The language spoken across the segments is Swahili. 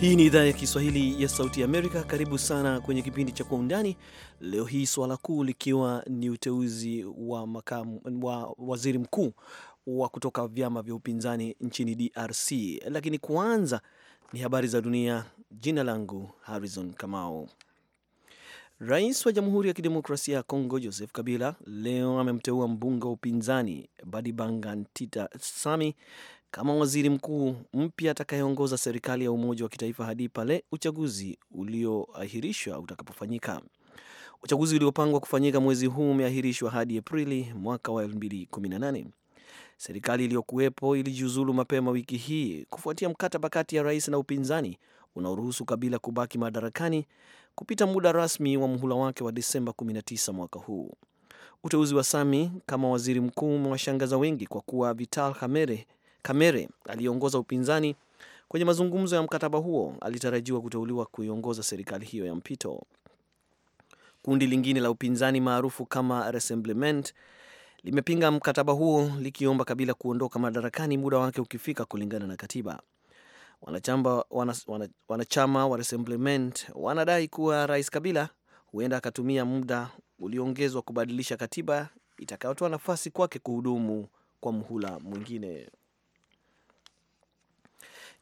Hii ni idhaa ya Kiswahili ya Sauti ya Amerika. Karibu sana kwenye kipindi cha Kwa Undani. Leo hii swala kuu likiwa ni uteuzi wa makamu wa waziri mkuu wa kutoka vyama vya upinzani nchini DRC. Lakini kwanza ni habari za dunia. Jina langu Harrison Kamau. Rais wa Jamhuri ya Kidemokrasia ya Kongo Joseph Kabila leo amemteua mbunge wa upinzani Badibanga Ntita Sami kama waziri mkuu mpya atakayeongoza serikali ya umoja wa kitaifa hadi pale uchaguzi ulioahirishwa utakapofanyika. Uchaguzi uliopangwa kufanyika mwezi huu umeahirishwa hadi Aprili mwaka wa 2018. Serikali iliyokuwepo ilijiuzulu mapema wiki hii kufuatia mkataba kati ya rais na upinzani unaoruhusu Kabila kubaki madarakani kupita muda rasmi wa muhula wake wa disemba 19 mwaka huu. Uteuzi wa Sami kama waziri mkuu umewashangaza wengi kwa kuwa Vital Hamere Kamere aliyeongoza upinzani kwenye mazungumzo ya mkataba huo alitarajiwa kuteuliwa kuiongoza serikali hiyo ya mpito. Kundi lingine la upinzani maarufu kama Rassemblement limepinga mkataba huo likiomba Kabila kuondoka madarakani muda wake ukifika kulingana na katiba. Wanachama, wana, wana, wanachama wa Rassemblement wanadai kuwa Rais Kabila huenda akatumia muda ulioongezwa kubadilisha katiba itakayotoa nafasi kwake kuhudumu kwa mhula mwingine.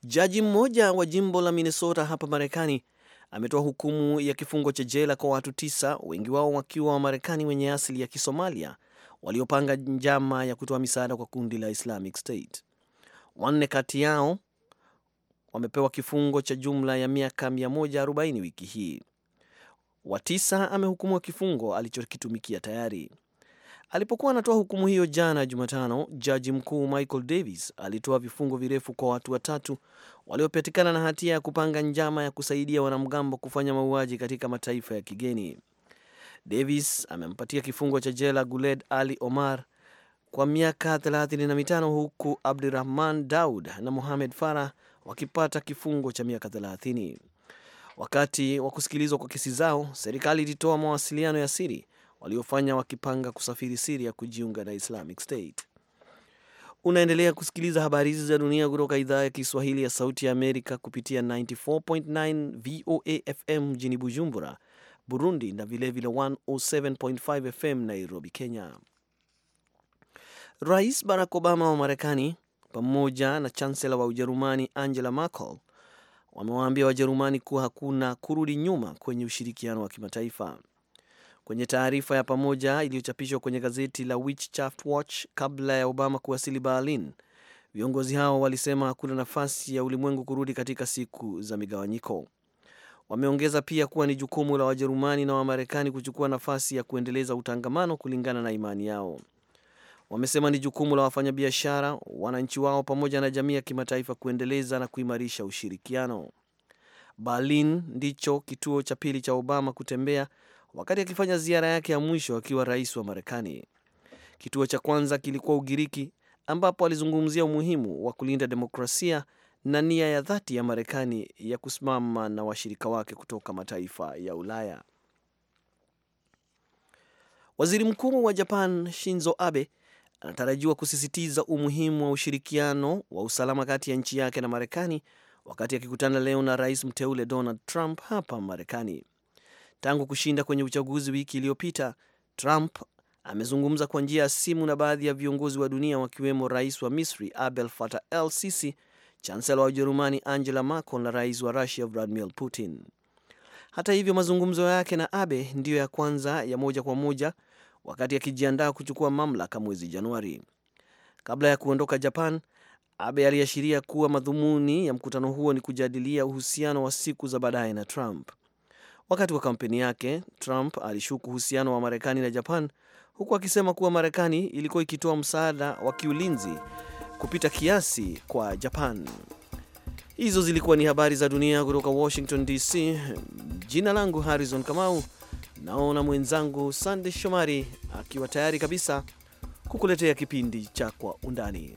Jaji mmoja wa jimbo la Minnesota hapa Marekani ametoa hukumu ya kifungo cha jela kwa watu tisa, wengi wao wakiwa Wamarekani wenye asili ya Kisomalia waliopanga njama ya kutoa misaada kwa kundi la Islamic State. Wanne kati yao wamepewa kifungo cha jumla ya miaka 140 wiki hii. Wa tisa amehukumiwa kifungo alichokitumikia tayari. Alipokuwa anatoa hukumu hiyo jana Jumatano, jaji mkuu Michael Davis alitoa vifungo virefu kwa watu watatu waliopatikana na hatia ya kupanga njama ya kusaidia wanamgambo kufanya mauaji katika mataifa ya kigeni. Davis amempatia kifungo cha jela Guled Ali Omar kwa miaka 35 huku Abdurahman Daud na Mohamed Farah wakipata kifungo cha miaka 30. Wakati wa kusikilizwa kwa kesi zao, serikali ilitoa mawasiliano ya siri waliofanya wakipanga kusafiri Siria kujiunga na Islamic State. Unaendelea kusikiliza habari hizi za dunia kutoka idhaa ya Kiswahili ya Sauti ya Amerika kupitia 94.9 VOA FM mjini Bujumbura, Burundi, na vilevile 107.5 FM Nairobi, Kenya. Rais Barack Obama wa Marekani pamoja na chancela wa Ujerumani Angela Merkel wamewaambia Wajerumani kuwa hakuna kurudi nyuma kwenye ushirikiano wa kimataifa. Kwenye taarifa ya pamoja iliyochapishwa kwenye gazeti la Witchcraft Watch kabla ya Obama kuwasili Berlin, viongozi hao walisema hakuna nafasi ya ulimwengu kurudi katika siku za migawanyiko. Wameongeza pia kuwa ni jukumu la Wajerumani na Wamarekani kuchukua nafasi ya kuendeleza utangamano kulingana na imani yao. Wamesema ni jukumu la wafanyabiashara, wananchi wao pamoja na jamii ya kimataifa kuendeleza na kuimarisha ushirikiano. Berlin ndicho kituo cha pili cha Obama kutembea wakati akifanya ziara yake ya mwisho akiwa rais wa Marekani. Kituo cha kwanza kilikuwa Ugiriki, ambapo alizungumzia umuhimu wa kulinda demokrasia na nia ya dhati ya Marekani ya kusimama na washirika wake kutoka mataifa ya Ulaya. Waziri Mkuu wa Japan Shinzo Abe anatarajiwa kusisitiza umuhimu wa ushirikiano wa usalama kati ya nchi yake na Marekani wakati akikutana leo na rais mteule Donald Trump hapa Marekani. Tangu kushinda kwenye uchaguzi wiki iliyopita, Trump amezungumza kwa njia ya simu na baadhi ya viongozi wa dunia wakiwemo rais wa Misri Abdel Fattah el Sisi, chansela wa Ujerumani Angela Merkel na rais wa Russia Vladimir Putin. Hata hivyo, mazungumzo yake na Abe ndiyo ya kwanza ya moja kwa moja wakati akijiandaa kuchukua mamlaka mwezi Januari. Kabla ya kuondoka Japan, Abe aliashiria kuwa madhumuni ya mkutano huo ni kujadilia uhusiano wa siku za baadaye na Trump. Wakati wa kampeni yake, Trump alishuku uhusiano wa Marekani na Japan, huku akisema kuwa Marekani ilikuwa ikitoa msaada wa kiulinzi kupita kiasi kwa Japan. Hizo zilikuwa ni habari za dunia kutoka Washington DC. Jina langu Harrison Kamau, naona mwenzangu Sande Shomari akiwa tayari kabisa kukuletea kipindi cha Kwa Undani.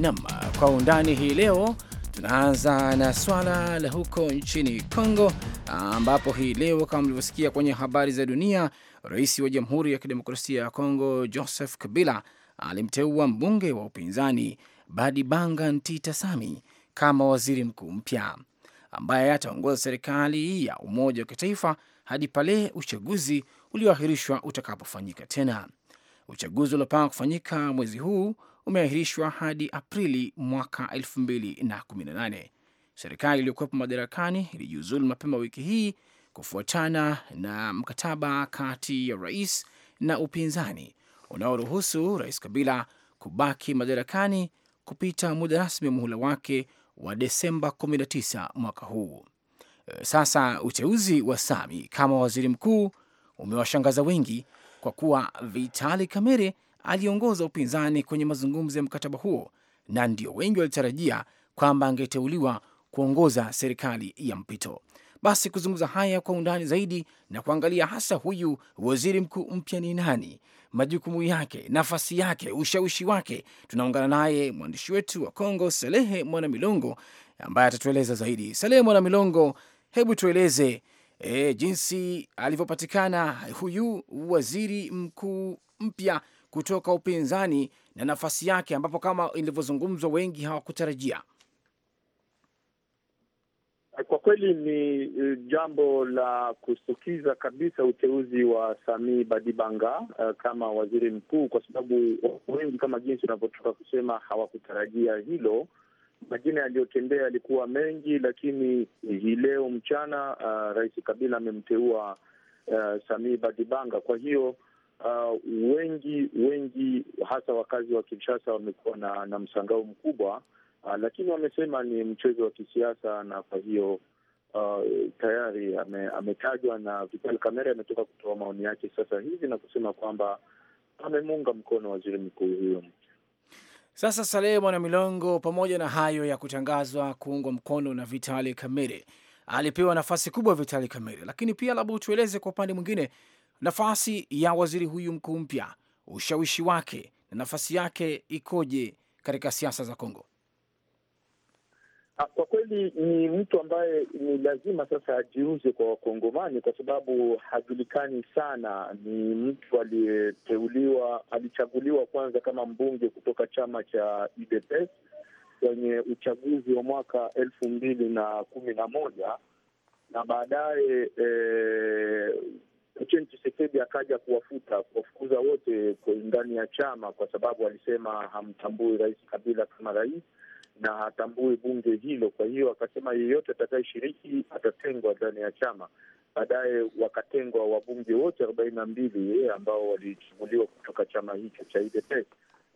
Nam kwa undani hii leo. Tunaanza na swala la huko nchini Kongo, ambapo hii leo kama mlivyosikia kwenye habari za dunia, rais wa Jamhuri ya Kidemokrasia ya Kongo Joseph Kabila alimteua mbunge wa upinzani Badibanga Ntita Sami kama waziri mkuu mpya ambaye ataongoza serikali ya umoja wa kitaifa hadi pale uchaguzi ulioahirishwa utakapofanyika tena. Uchaguzi uliopangwa kufanyika mwezi huu umeahirishwa hadi Aprili mwaka 2018. Serikali iliyokuwepo madarakani ilijiuzulu mapema wiki hii kufuatana na mkataba kati ya rais na upinzani unaoruhusu rais Kabila kubaki madarakani kupita muda rasmi wa muhula wake wa Desemba 19 mwaka huu. Sasa uteuzi wa Sami kama waziri mkuu umewashangaza wengi kwa kuwa Vitali Kamere aliongoza upinzani kwenye mazungumzo ya mkataba huo, na ndio wengi walitarajia kwamba angeteuliwa kuongoza serikali ya mpito. Basi kuzungumza haya kwa undani zaidi na kuangalia hasa huyu waziri mkuu mpya ni nani, majukumu yake, nafasi yake, ushawishi wake, tunaungana naye mwandishi wetu wa Kongo Salehe Mwana Milongo ambaye atatueleza zaidi. Salehe Mwana Milongo, hebu tueleze e, jinsi alivyopatikana huyu waziri mkuu mpya kutoka upinzani na nafasi yake, ambapo kama ilivyozungumzwa wengi hawakutarajia. Kwa kweli ni eh, jambo la kushtukiza kabisa uteuzi wa Sami Badibanga uh, kama waziri mkuu, kwa sababu wengi kama jinsi unavyotoka kusema hawakutarajia hilo. Majina yaliyotembea yalikuwa mengi, lakini hii leo mchana uh, Rais Kabila amemteua uh, Sami Badibanga. Kwa hiyo uh, wengi wengi hasa wakazi wa Kinshasa wamekuwa na, na msangao mkubwa uh, lakini wamesema ni mchezo wa kisiasa na kwa hiyo Uh, tayari ametajwa ame na Vital Kamerhe ametoka kutoa maoni yake sasa hivi na kusema kwamba amemuunga mkono waziri mkuu huyo. Sasa Saleh Mwana Milongo, pamoja na hayo ya kutangazwa kuungwa mkono na Vitali kamere alipewa nafasi kubwa Vitali kamere lakini pia labda utueleze kwa upande mwingine nafasi ya waziri huyu mkuu mpya, ushawishi wake na nafasi yake ikoje katika siasa za Kongo? Ah, kwa kweli ni mtu ambaye ni lazima sasa ajiuze kwa Wakongomani kwa sababu hajulikani sana. Ni mtu aliyeteuliwa, alichaguliwa kwanza kama mbunge kutoka chama cha UDPS kwenye uchaguzi wa mwaka elfu mbili na kumi na moja na baadaye eh, Etienne Tshisekedi akaja kuwafuta kuwafukuza wote ndani ya chama, kwa sababu alisema hamtambui Rais Kabila kama rais na hatambui bunge hilo. Kwa hiyo akasema yeyote atakayeshiriki atatengwa ndani ya chama. Baadaye wakatengwa wabunge wote arobaini na mbili yeye ambao walichaguliwa kutoka chama hicho cha UDPS,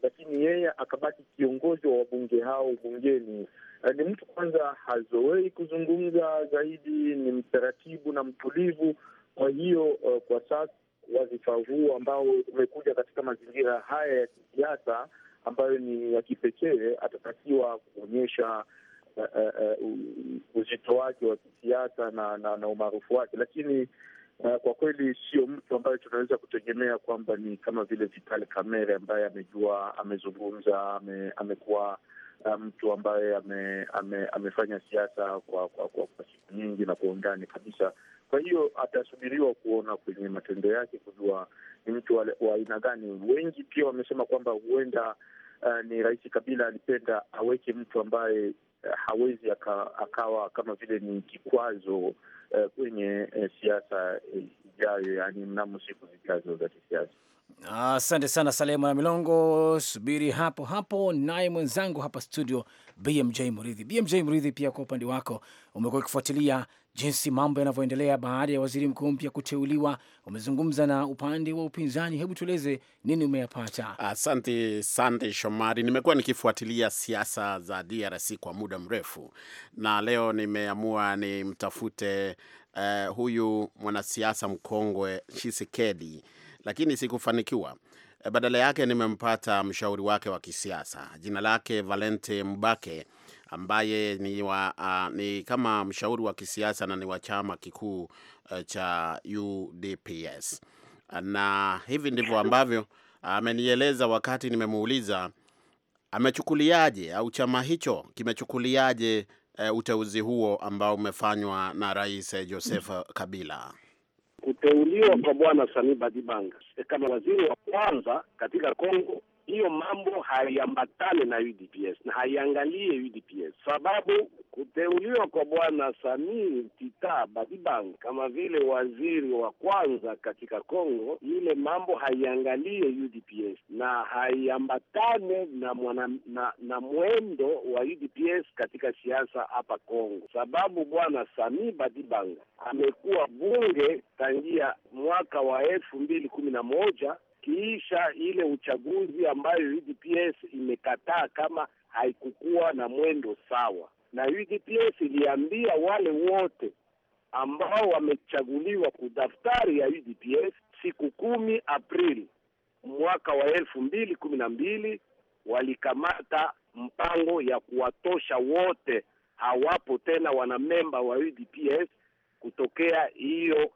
lakini yeye akabaki kiongozi wa wabunge hao bungeni. Eh, ni mtu kwanza hazoei kuzungumza zaidi, ni mtaratibu na mtulivu kwa hiyo uh, kwa sasa wadhifa huu ambao umekuja katika mazingira haya ya kisiasa ambayo ni ya kipekee, atatakiwa kuonyesha uh, uh, uh uzito wake wa kisiasa na, na, na umaarufu wake, lakini uh, kwa kweli sio mtu ambaye tunaweza kutegemea kwamba ni kama vile Vital Kamerhe ambaye amejua, amezungumza, ame, amekuwa uh, mtu ambaye ame, ame, amefanya siasa kwa, kwa, kwa, kwa siku nyingi na kwa undani kabisa. Kwa hiyo atasubiriwa kuona kwenye matendo yake, kujua ni mtu wa aina gani. Wengi pia wamesema kwamba huenda uh, ni Rais Kabila alipenda aweke mtu ambaye uh, hawezi aka, akawa kama vile ni kikwazo uh, kwenye uh, siasa ijayo uh, yani mnamo siku zijazo za kisiasa. Asante ah, sana salema na Milongo, subiri hapo hapo. Naye mwenzangu hapa studio BMJ Mridhi, BMJ Mridhi, pia kwa upande wako umekuwa ukifuatilia jinsi mambo yanavyoendelea baada ya waziri mkuu mpya kuteuliwa. Umezungumza na upande wa upinzani, hebu tueleze nini umeyapata? Asante sande Shomari. Nimekuwa nikifuatilia siasa za DRC kwa muda mrefu, na leo nimeamua nimtafute uh, huyu mwanasiasa mkongwe Tshisekedi, lakini sikufanikiwa. Eh, badala yake nimempata mshauri wake wa kisiasa, jina lake Valente Mbake ambaye ni, wa, uh, ni kama mshauri wa kisiasa na ni wa chama kikuu uh, cha UDPS na hivi ndivyo ambavyo amenieleza wakati nimemuuliza amechukuliaje au chama hicho kimechukuliaje uh, uteuzi huo ambao umefanywa na Rais Joseph Kabila. Kuteuliwa kwa Bwana Sami Badibanga e, kama waziri wa kwanza katika Kongo hiyo mambo haiambatane na UDPS na haiangalie UDPS, sababu kuteuliwa kwa bwana Samii Tita Badibang kama vile waziri wa kwanza katika Kongo, ile mambo haiangalie UDPS na haiambatane na, na na mwendo wa UDPS katika siasa hapa Kongo, sababu bwana Samii Badibang amekuwa bunge tangia mwaka wa elfu mbili kumi na moja kiisha ile uchaguzi ambayo UDPS imekataa kama haikukuwa na mwendo sawa, na UDPS iliambia wale wote ambao wamechaguliwa kudaftari ya UDPS siku kumi Aprili mwaka wa elfu mbili kumi na mbili walikamata mpango ya kuwatosha wote, hawapo tena wanamemba wa UDPS kutokea hiyo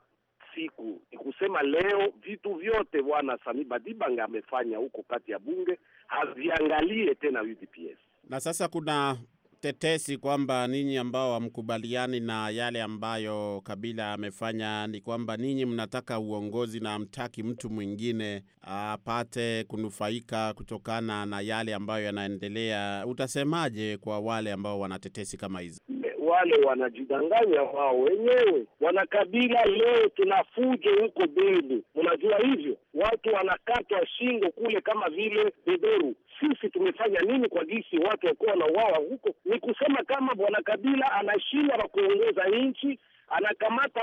siku ni kusema leo vitu vyote bwana Sami Badibanga amefanya huko kati ya bunge haviangalie tena UDPS. Na sasa kuna tetesi kwamba ninyi ambao hamkubaliani na yale ambayo Kabila amefanya ni kwamba ninyi mnataka uongozi na hamtaki mtu mwingine apate kunufaika kutokana na yale ambayo yanaendelea. Utasemaje kwa wale ambao wanatetesi kama hizo? wale wanajidanganya wao wenyewe. Wanakabila leo tunafujo huko Beni, mnajua hivyo, watu wanakatwa shingo kule kama vile beberu. Sisi tumefanya nini kwa gisi watu wakuwa na wawa huko? Ni kusema kama bwana Kabila anashinda na kuongoza nchi, anakamata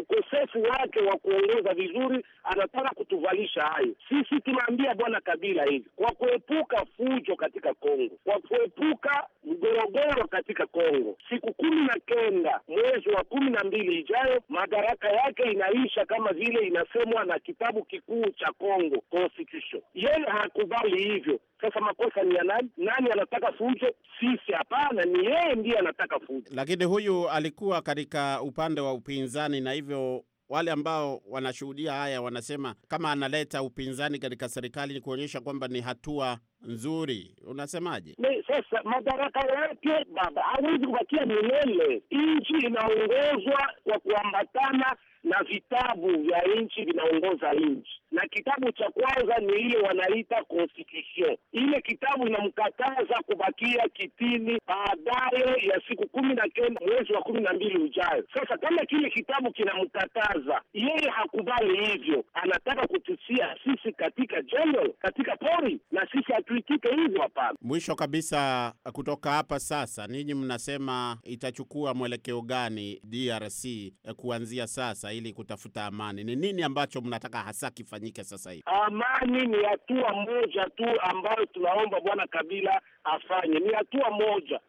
ukosefu wake wa kuongoza vizuri, anataka kutuvalisha hayo. Sisi tunaambia bwana Kabila hivi, kwa kuepuka fujo katika Kongo, kwa kuepuka mgorogoro katika Kongo, siku kumi na kenda mwezi wa kumi na mbili ijayo madaraka yake inaisha, kama vile inasemwa na kitabu kikuu cha Kongo, constitution. Yeye hakubali hivyo. Sasa makosa ni ya nani? Nani anataka fujo? Sisi hapana, ni yeye ndiye anataka fujo. Lakini huyu alikuwa katika upande wa upinzani, na hivyo wale ambao wanashuhudia haya wanasema kama analeta upinzani katika serikali ni kuonyesha kwamba ni hatua nzuri, unasemaje? Sasa madaraka yake baba hawezi kubakia milele. Nchi inaongozwa kwa kuambatana na vitabu vya nchi vinaongoza nchi, na kitabu cha kwanza ni ile wanaita constitution. Ile kitabu inamkataza kubakia kitini baadaye ya siku kumi na kenda mwezi wa kumi na mbili ujayo. Sasa kama kile kitabu kinamkataza yeye, hakubali hivyo, anataka kutusia sisi katika jengo, katika pori, na sisi tuitike hivyo, hapana. Mwisho kabisa, kutoka hapa sasa, ninyi mnasema itachukua mwelekeo gani DRC eh, kuanzia sasa ili kutafuta amani? Ni nini ambacho mnataka hasa kifanyike sasa hivi? Amani ni hatua moja tu ambayo tunaomba Bwana Kabila afanye, ni hatua moja.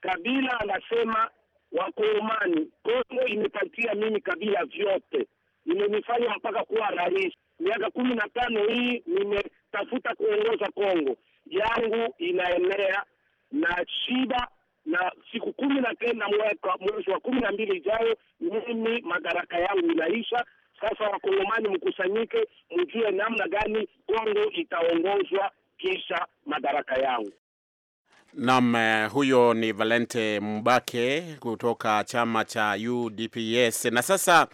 Kabila anasema Wakongomani, Kongo imepatia mimi Kabila vyote, imenifanya mpaka kuwa rais miaka kumi na tano hii nime tafuta kuongoza Kongo. Yangu inaenea na shiba na siku kumi na tena mwaka mwezi wa kumi na mbili ijayo mimi madaraka yangu inaisha. Sasa wakongomani mkusanyike, mjue namna gani Kongo itaongozwa kisha madaraka yangu. Naam, eh, huyo ni Valente Mbake kutoka chama cha UDPS. Na sasa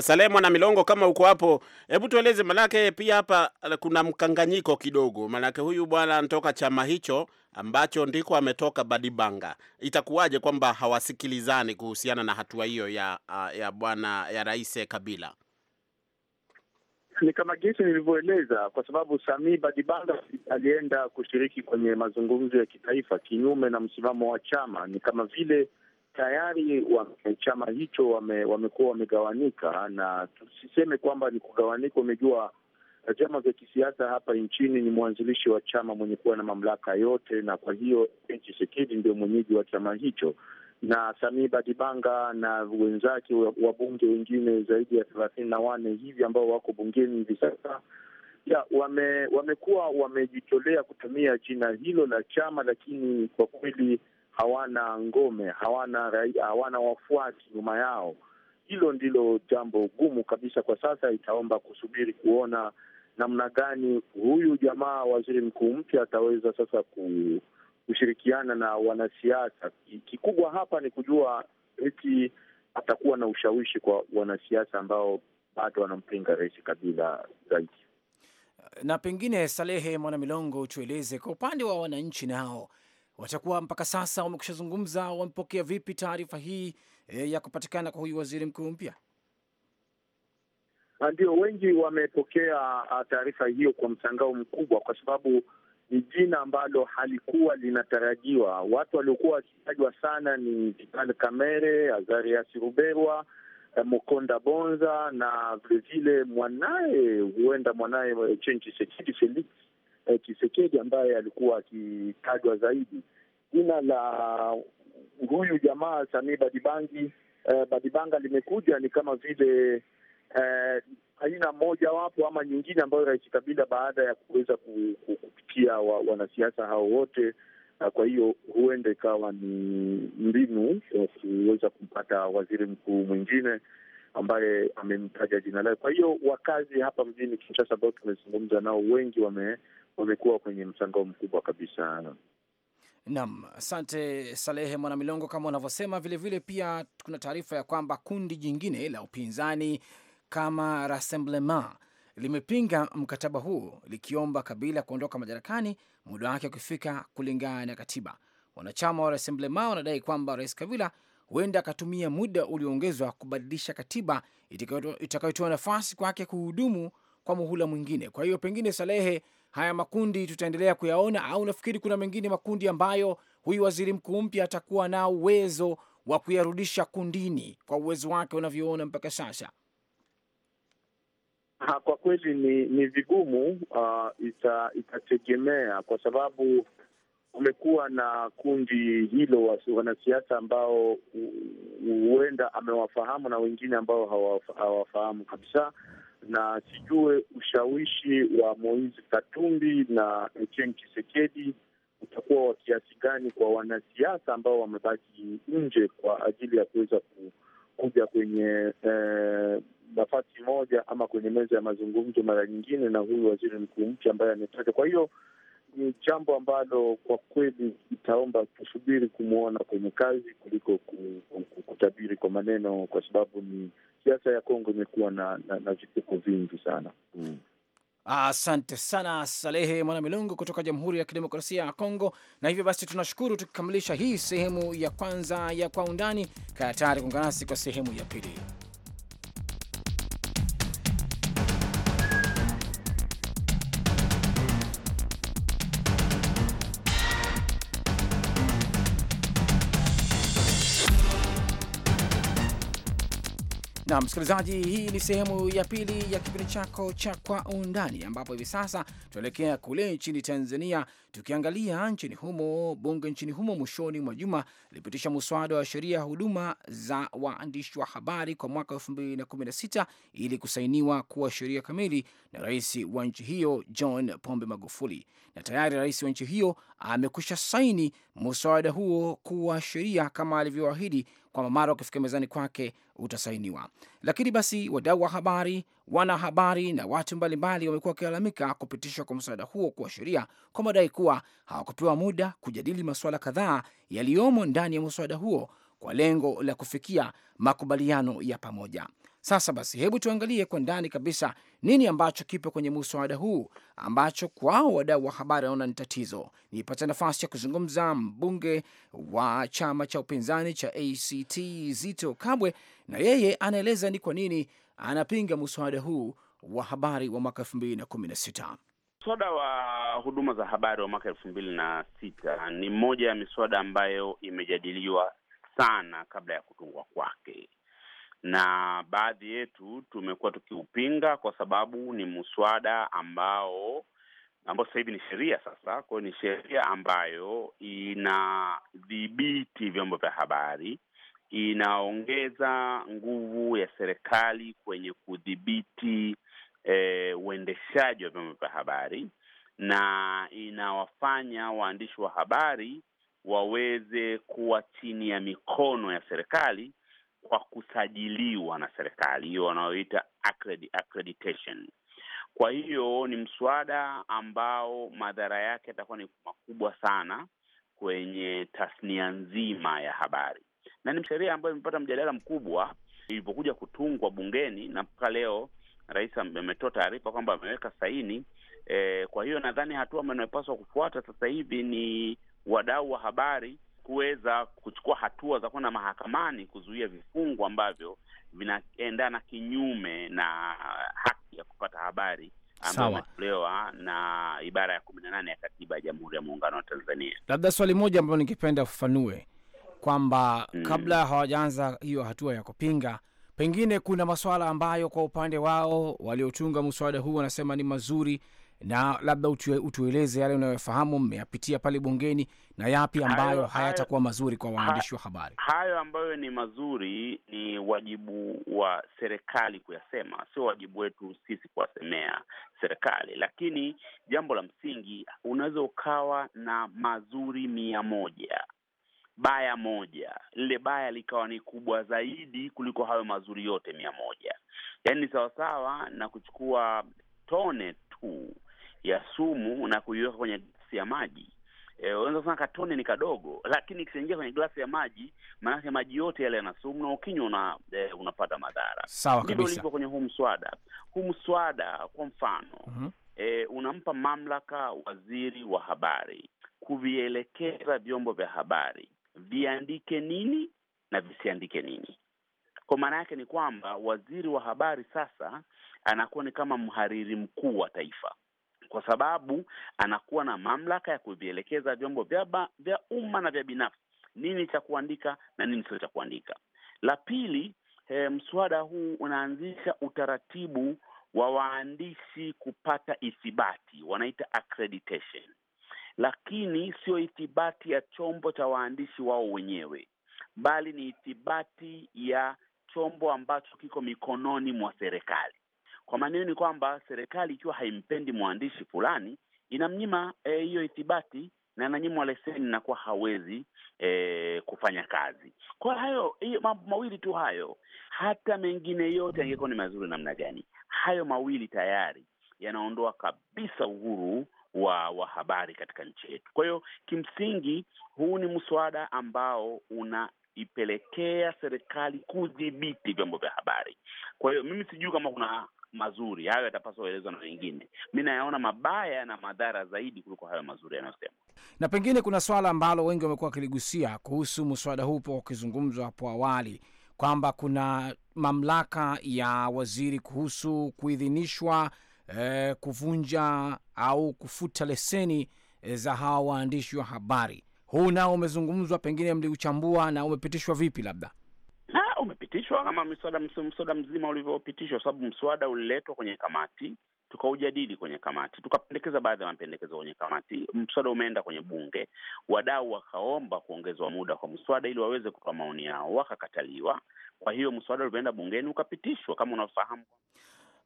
salemu na Milongo, kama uko hapo, hebu tueleze, manake pia hapa eh, kuna mkanganyiko kidogo, manake huyu bwana anatoka chama hicho ambacho ndiko ametoka Badibanga. Itakuwaje kwamba hawasikilizani kuhusiana na hatua hiyo ya, ah, ya bwana ya Rais Kabila? ni kama jinsi nilivyoeleza, kwa sababu Samii Badibanga alienda kushiriki kwenye mazungumzo ya kitaifa kinyume na msimamo wa chama. Ni kama vile tayari chama hicho wame, wamekuwa wamegawanika, na tusiseme kwamba ni kugawanika. Umejua vyama vya kisiasa hapa nchini, ni mwanzilishi wa chama mwenye kuwa na mamlaka yote, na kwa hiyo Tshisekedi ndio mwenyeji wa chama hicho na Samii Badibanga na wenzake wabunge wengine zaidi ya thelathini na wane hivi ambao wako bungeni hivi sasa ya wame, wamekuwa wamejitolea kutumia jina hilo la chama, lakini kwa kweli hawana ngome, hawana hawana wafuasi nyuma yao. Hilo ndilo jambo gumu kabisa kwa sasa. Itaomba kusubiri kuona namna gani huyu jamaa waziri mkuu mpya ataweza sasa ku kushirikiana na wanasiasa. Kikubwa hapa ni kujua eti atakuwa na ushawishi kwa wanasiasa ambao bado wanampinga Rais Kabila zaidi. Na pengine, Salehe Mwana Milongo, tueleze kwa upande wa wananchi nao watakuwa mpaka sasa wamekusha zungumza, wamepokea vipi taarifa hii e, ya kupatikana kwa huyu waziri mkuu mpya? Ah, ndio, wengi wamepokea ah, taarifa hiyo kwa mshangao mkubwa, kwa sababu ni jina ambalo halikuwa linatarajiwa. Watu waliokuwa wakitajwa sana ni Vital Kamere, Azarias Ruberwa, eh, Mokonda Bonza na vilevile mwanaye, huenda mwanaye eh, Chen Chisekedi, Felix Chisekedi, eh, ambaye alikuwa akitajwa zaidi. Jina la huyu jamaa Samii Badibangi, eh, Badibanga limekuja ni kama vile eh, aina moja wapo ama nyingine ambayo Rais Kabila baada ya kuweza kupitia wanasiasa wa hao wote kwa hiyo huenda ikawa ni mbinu ya kuweza kumpata waziri mkuu mwingine ambaye amemtaja jina lake. Kwa hiyo wakazi hapa mjini Kinshasa ambao tumezungumza nao wengi wame, wamekuwa kwenye mshangao mkubwa kabisa. Naam, asante Salehe Mwanamilongo, kama unavyosema vilevile. Pia kuna taarifa ya kwamba kundi jingine la upinzani kama Rassemblement limepinga mkataba huo likiomba Kabila kuondoka madarakani muda wake ukifika kulingana na katiba. Wanachama wa Rassemblement wanadai kwamba Rais Kabila huenda akatumia muda ulioongezwa kubadilisha katiba itakayotoa nafasi kwake kuhudumu kwa muhula mwingine. Kwa hiyo pengine, Salehe, haya makundi tutaendelea kuyaona, au nafikiri kuna mengine makundi ambayo huyu waziri mkuu mpya atakuwa na uwezo wa kuyarudisha kundini kwa uwezo wake unavyoona mpaka sasa? Ha, ah, kwa kweli ni ni vigumu. Uh, ita, itategemea kwa sababu kumekuwa na kundi hilo wanasiasa ambao huenda amewafahamu na wengine ambao hawafahamu kabisa, na sijue ushawishi wa Moise Katumbi na Etienne Tshisekedi utakuwa wa kiasi gani kwa wanasiasa ambao wamebaki nje kwa ajili ya kuweza ku kuja kwenye eh, nafasi moja ama kwenye meza ya mazungumzo mara nyingine na huyu waziri mkuu mpya ambaye ametoka. Kwa hiyo ni jambo ambalo kwa kweli itaomba tusubiri kumwona kwenye kazi kuliko kutabiri kwa maneno, kwa sababu ni siasa ya Kongo imekuwa na, na, na vituko vingi sana mm. Asante sana Salehe mwana Milungu kutoka Jamhuri ya Kidemokrasia ya Kongo. Na hivyo basi, tunashukuru tukikamilisha hii sehemu ya kwanza ya Kwa Undani. kaya tayari kuungana nasi kwa sehemu ya pili. Na msikilizaji, hii ni sehemu ya pili ya kipindi chako cha Kwa Undani, ambapo hivi sasa tunaelekea kule nchini Tanzania Tukiangalia nchini humo, bunge nchini humo mwishoni mwa juma lilipitisha muswada wa sheria ya huduma za waandishi wa habari kwa mwaka elfu mbili na kumi na sita ili kusainiwa kuwa sheria kamili na rais wa nchi hiyo John Pombe Magufuli, na tayari rais wa nchi hiyo amekwisha saini muswada huo kuwa sheria kama alivyoahidi kwamba mara ukifika mezani kwake utasainiwa. Lakini basi wadau wa habari Wanahabari na watu mbalimbali wamekuwa wakilalamika kupitishwa kwa mswada huo kuwa sheria kwa madai kuwa hawakupewa muda kujadili masuala kadhaa yaliyomo ndani ya mswada huo kwa lengo la kufikia makubaliano ya pamoja. Sasa basi, hebu tuangalie kwa ndani kabisa nini ambacho kipo kwenye muswada huu ambacho kwao wadau wa habari wanaona ni tatizo. Nipata nafasi ya kuzungumza mbunge wa chama cha upinzani cha ACT Zito Kabwe, na yeye anaeleza ni kwa nini anapinga mswada huu wa habari wa mwaka elfu mbili na kumi na sita. Mswada wa huduma za habari wa mwaka elfu mbili na sita ni moja ya miswada ambayo imejadiliwa sana kabla ya kutungwa kwake, na baadhi yetu tumekuwa tukiupinga kwa sababu ni mswada ambao ambao sasa hivi ni sheria. Sasa kwa hiyo ni sheria ambayo inadhibiti vyombo vya habari inaongeza nguvu ya serikali kwenye kudhibiti eh, uendeshaji e, wa vyombo vya habari na inawafanya waandishi wa habari waweze kuwa chini ya mikono ya serikali kwa kusajiliwa na serikali, hiyo wanayoita accreditation. Kwa hiyo ni mswada ambao madhara yake yatakuwa ni makubwa sana kwenye tasnia nzima ya habari na ni sheria ambayo imepata mjadala mkubwa ilipokuja kutungwa bungeni, na mpaka leo rais ametoa taarifa kwamba ameweka saini e. Kwa hiyo nadhani hatua ambayo inapaswa kufuata sasa hivi ni wadau wa habari kuweza kuchukua hatua za kwenda mahakamani kuzuia vifungu ambavyo vinaendana kinyume na haki ya kupata habari ambayo imetolewa na ibara ya kumi na nane ya katiba ya Jamhuri ya Muungano wa Tanzania. Labda swali moja ambayo ningependa ufafanue kwamba mm. kabla hawajaanza hiyo hatua ya kupinga, pengine kuna masuala ambayo kwa upande wao waliotunga mswada huu wanasema ni mazuri, na labda utue, utueleze yale unayofahamu mmeyapitia pale bungeni na yapi ambayo hayatakuwa mazuri kwa waandishi wa habari. Hayo ambayo ni mazuri ni wajibu wa serikali kuyasema, sio wajibu wetu sisi kuwasemea serikali. Lakini jambo la msingi, unaweza ukawa na mazuri mia moja baya moja, lile baya likawa ni kubwa zaidi kuliko hayo mazuri yote mia moja. Yaani ni sawasawa na kuchukua tone tu ya sumu na kuiweka kwenye glasi ya maji. E, unaweza kusema katone ni kadogo, lakini ikishaingia kwenye glasi ya maji, maanake maji yote yale yana sumu na ukinywa una, e, unapata madhara. Sawa kabisa, ndivyo ilivyo kwenye huu mswada. Huu mswada kwa mfano mm -hmm. E, unampa mamlaka waziri wa habari kuvielekeza vyombo vya habari viandike nini na visiandike nini. Kwa maana yake ni kwamba waziri wa habari sasa anakuwa ni kama mhariri mkuu wa taifa, kwa sababu anakuwa na mamlaka ya kuvielekeza vyombo vya umma na vya binafsi nini cha kuandika na nini sio cha kuandika. La pili, e, mswada huu unaanzisha utaratibu wa waandishi kupata ithibati, wanaita accreditation lakini siyo itibati ya chombo cha waandishi wao wenyewe, bali ni itibati ya chombo ambacho kiko mikononi mwa serikali. Kwa maneno ni kwamba serikali ikiwa haimpendi mwandishi fulani inamnyima e, hiyo e, itibati na inanyimwa leseni, inakuwa hawezi e, kufanya kazi. Kwa hayo mambo mawili tu hayo, hata mengine yote yangekuwa ni mazuri namna gani, hayo mawili tayari yanaondoa kabisa uhuru wa, wa habari katika nchi yetu. Kwa hiyo kimsingi huu ni mswada ambao una ipelekea serikali kudhibiti vyombo vya habari. Kwa hiyo mimi sijui kama kuna mazuri, hayo yatapaswa kuelezwa na wengine. Mi nayaona mabaya na madhara zaidi kuliko hayo mazuri yanayosema. Na pengine kuna swala ambalo wengi wamekuwa wakiligusia kuhusu mswada huu po wakizungumzwa hapo awali kwamba kuna mamlaka ya waziri kuhusu kuidhinishwa eh, kuvunja au kufuta leseni eh, za hawa waandishi wa habari. Huu nao umezungumzwa, pengine mliuchambua na umepitishwa vipi? Labda umepitishwa kama mswada, mswada mzima ulivyopitishwa, sababu mswada uliletwa kwenye kamati tukaujadili kwenye kamati, tukapendekeza baadhi ya mapendekezo kwenye kamati. Mswada umeenda kwenye bunge, wadau wakaomba kuongezwa muda kwa mswada ili waweze kutoa maoni yao, wakakataliwa. Kwa hiyo mswada ulivyoenda bungeni ukapitishwa, kama unavyofahamu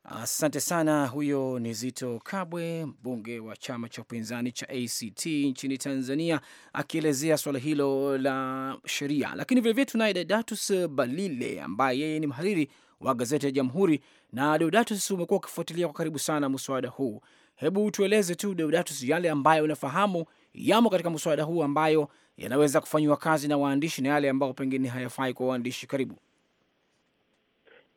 Asante sana. Huyo ni Zito Kabwe, mbunge wa chama cha upinzani cha ACT nchini Tanzania, akielezea swala hilo la sheria. Lakini vilevile tunaye Deodatus Balile ambaye yeye ni mhariri wa gazeti ya Jamhuri. Na Deodatus, umekuwa ukifuatilia kwa karibu sana mswada huu, hebu tueleze tu Deodatus, yale ambayo unafahamu yamo katika mswada huu ambayo yanaweza kufanyiwa kazi na waandishi na yale ambayo pengine hayafai kwa waandishi. Karibu.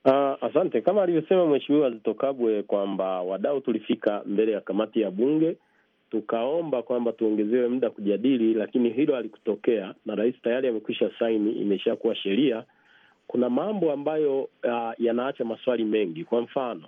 Uh, asante. Kama alivyosema Mheshimiwa Zitto Kabwe kwamba wadau tulifika mbele ya kamati ya Bunge tukaomba kwamba tuongezewe muda kujadili, lakini hilo halikutokea, na rais tayari amekwisha saini, imeshakuwa sheria. Kuna mambo ambayo uh, yanaacha maswali mengi. Kwa mfano,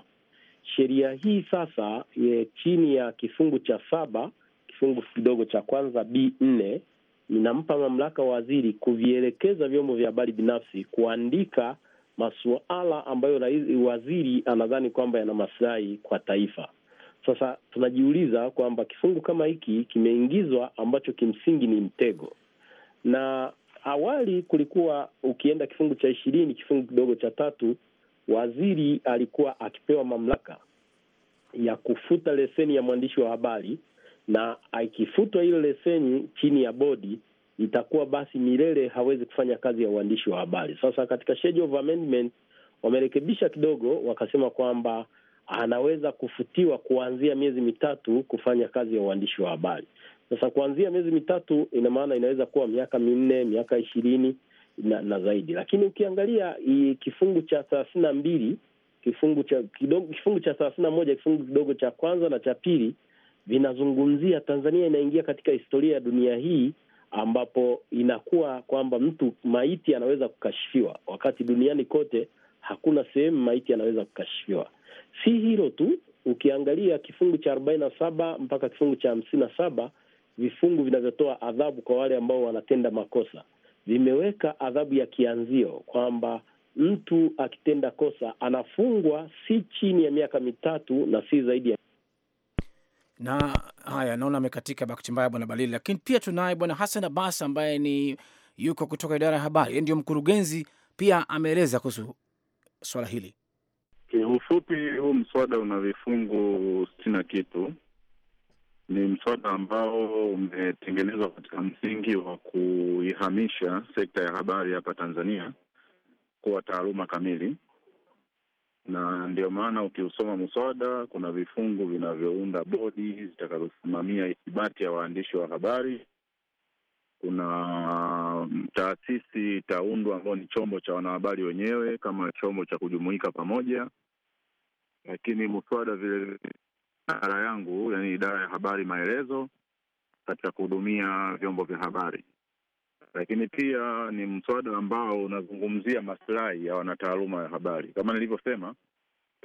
sheria hii sasa ye chini ya kifungu cha saba kifungu kidogo cha kwanza b nne inampa mamlaka waziri kuvielekeza vyombo vya habari binafsi kuandika masuala ambayo waziri anadhani kwamba yana masilahi kwa taifa. Sasa tunajiuliza kwamba kifungu kama hiki kimeingizwa ambacho kimsingi ni mtego, na awali kulikuwa ukienda kifungu cha ishirini kifungu kidogo cha tatu, waziri alikuwa akipewa mamlaka ya kufuta leseni ya mwandishi wa habari, na ikifutwa ile leseni chini ya bodi itakuwa basi milele hawezi kufanya kazi ya uandishi wa habari. Sasa katika of amendment wamerekebisha kidogo, wakasema kwamba anaweza kufutiwa kuanzia miezi mitatu kufanya kazi ya uandishi wa habari. Sasa kuanzia miezi mitatu, ina maana inaweza kuwa miaka minne, miaka ishirini na, na zaidi. Lakini ukiangalia kifungu cha thelathini na mbili kifungu cha kidogo, kifungu cha thelathini na moja kifungu kidogo cha kwanza na cha pili vinazungumzia Tanzania inaingia katika historia ya dunia hii ambapo inakuwa kwamba mtu maiti anaweza kukashifiwa, wakati duniani kote hakuna sehemu maiti anaweza kukashifiwa. Si hilo tu, ukiangalia kifungu cha arobaini na saba mpaka kifungu cha hamsini na saba vifungu vinavyotoa adhabu kwa wale ambao wanatenda makosa vimeweka adhabu ya kianzio kwamba mtu akitenda kosa anafungwa si chini ya miaka mitatu na si zaidi ya na haya, naona amekatika bahati mbaya bwana Balili, lakini pia tunaye bwana Hassan Abbas ambaye ni yuko kutoka idara ya habari, ndio mkurugenzi, pia ameeleza kuhusu swala hili kiufupi. Huu mswada una vifungu sitini na kitu. Ni mswada ambao umetengenezwa katika msingi wa kuihamisha sekta ya habari hapa Tanzania kuwa taaluma kamili na ndio maana ukiusoma mswada kuna vifungu vinavyounda bodi zitakazosimamia ithibati ya waandishi wa habari. Kuna um, taasisi itaundwa ambao ni chombo cha wanahabari wenyewe kama chombo cha kujumuika pamoja, lakini muswada vilevile idara yangu, yani idara ya habari maelezo, katika kuhudumia vyombo vya habari lakini pia ni mswada ambao unazungumzia masilahi ya wanataaluma ya habari. Kama nilivyosema,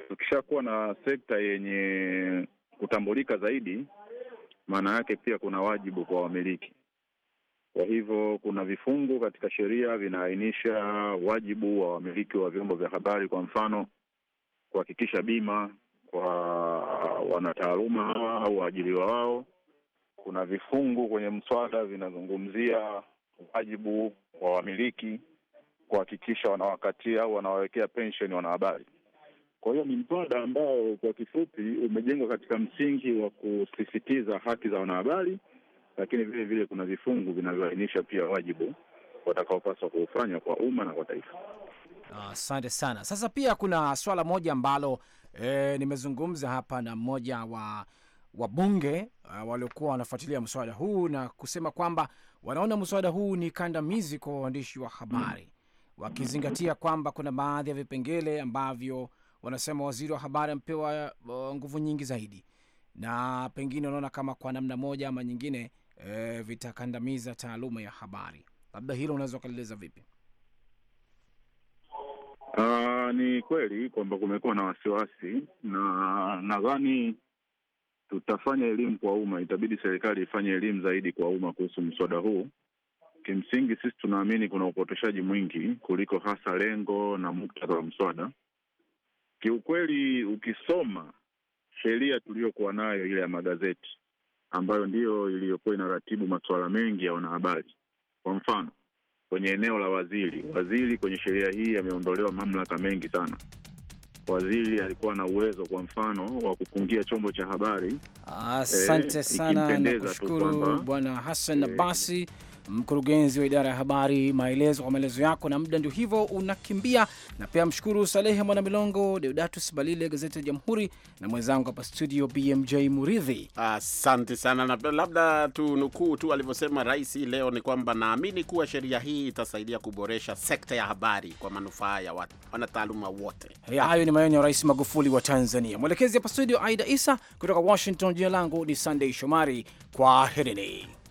tukishakuwa na sekta yenye kutambulika zaidi, maana yake pia kuna wajibu kwa wamiliki. Kwa hivyo kuna vifungu katika sheria vinaainisha wajibu wa wamiliki wa vyombo vya habari, kwa mfano kuhakikisha bima kwa wanataaluma hawa au waajiriwa wao. Kuna vifungu kwenye mswada vinazungumzia wajibu wa wamiliki kuhakikisha wanawakatia au wanawawekea pensheni wanahabari. Kwa hiyo ni mswada ambao kwa kifupi umejengwa katika msingi wa kusisitiza haki za wanahabari, lakini vile vile kuna vifungu vinavyoainisha pia wajibu watakaopaswa kuufanya kwa umma na kwa taifa. Asante ah, sana. Sasa pia kuna swala moja ambalo eh, nimezungumza hapa na mmoja wa wabunge uh, waliokuwa wanafuatilia mswada huu na kusema kwamba wanaona mswada huu ni kandamizi kwa waandishi wa habari, wakizingatia kwamba kuna baadhi ya vipengele ambavyo wanasema waziri wa habari amepewa uh, nguvu nyingi zaidi, na pengine wanaona kama kwa namna moja ama nyingine eh, vitakandamiza taaluma ya habari. Labda hilo unaweza ukalieleza vipi? Uh, ni kweli kwamba kumekuwa na wasiwasi na nadhani tutafanya elimu kwa umma, itabidi serikali ifanye elimu zaidi kwa umma kuhusu mswada huu. Kimsingi sisi tunaamini kuna upotoshaji mwingi kuliko hasa lengo na muktadha wa mswada. Kiukweli, ukisoma sheria tuliyokuwa nayo ile ya magazeti ambayo ndiyo iliyokuwa inaratibu masuala mengi ya wanahabari, kwa mfano kwenye eneo la waziri, waziri kwenye sheria hii ameondolewa mamlaka mengi sana waziri alikuwa na uwezo kwa mfano wa kufungia chombo cha habari. Asante ah, eh, sana, nakushukuru Bwana Hassan Abasi eh mkurugenzi wa idara ya habari. Maelezo kwa maelezo yako, na muda ndio hivyo unakimbia, na pia mshukuru Salehe Mwanamilongo, Deodatus Balile, gazeti ya Jamhuri na mwenzangu hapa studio BMJ Muridhi. Asante sana, na labda tunukuu tu alivyosema rais leo ni kwamba naamini kuwa sheria hii itasaidia kuboresha sekta ya habari kwa manufaa ya wanataaluma wote. Hayo ni maoni ya Rais Magufuli wa Tanzania. Mwelekezi hapa studio Aida Isa kutoka Washington. Jina langu ni sandey Shomari, kwa herini.